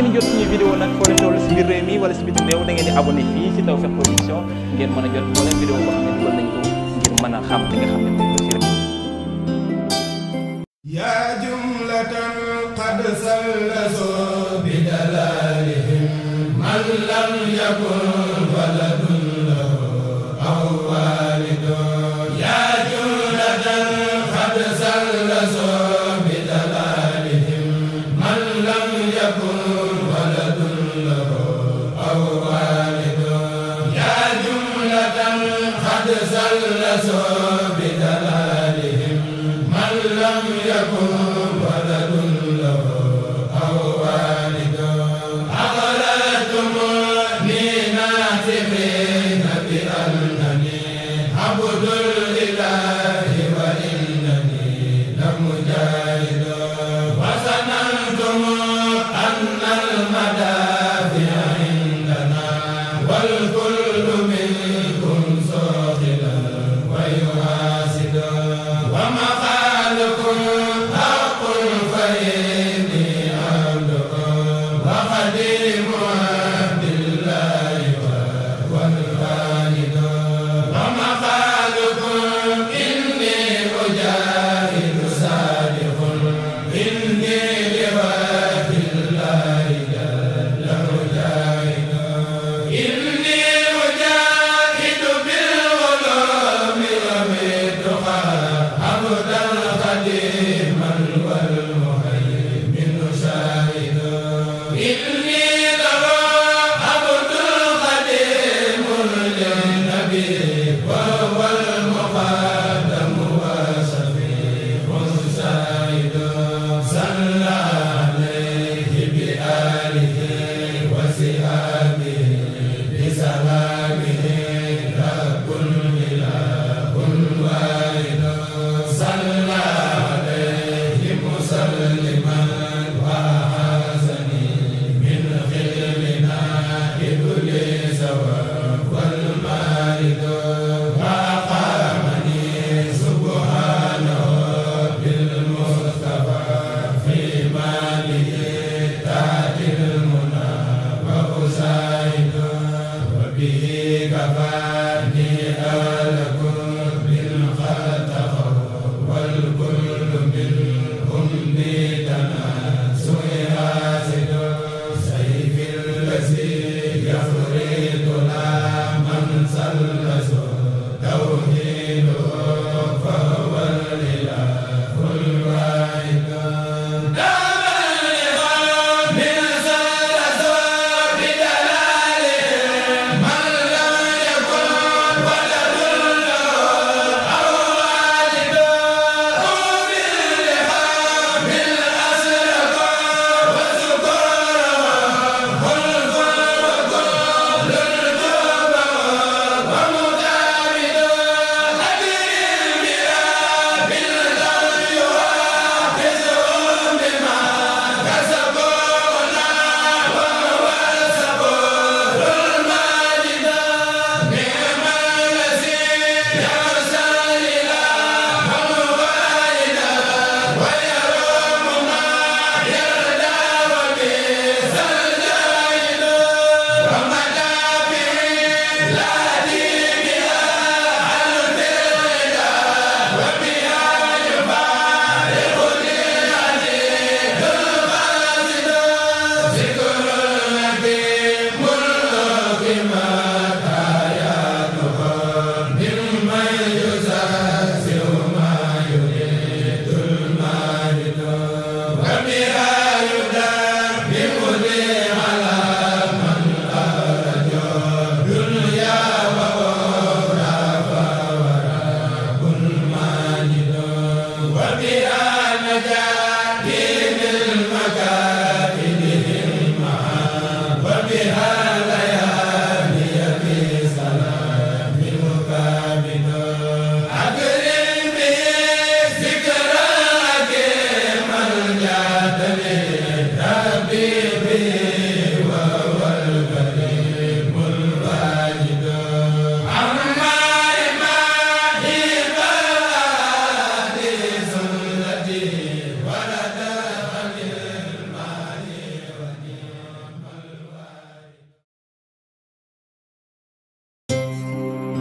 ngeen jot suñu vidéo nag foo leen toll si si biti réew da ngeen di a jot a yaa jumlatan qad sallaso bi dalalihim man lam yakun waladun lahu aw yaa jumlatan qad sallaso bi dalalihim man lam yakun الناظمين بأنني عبد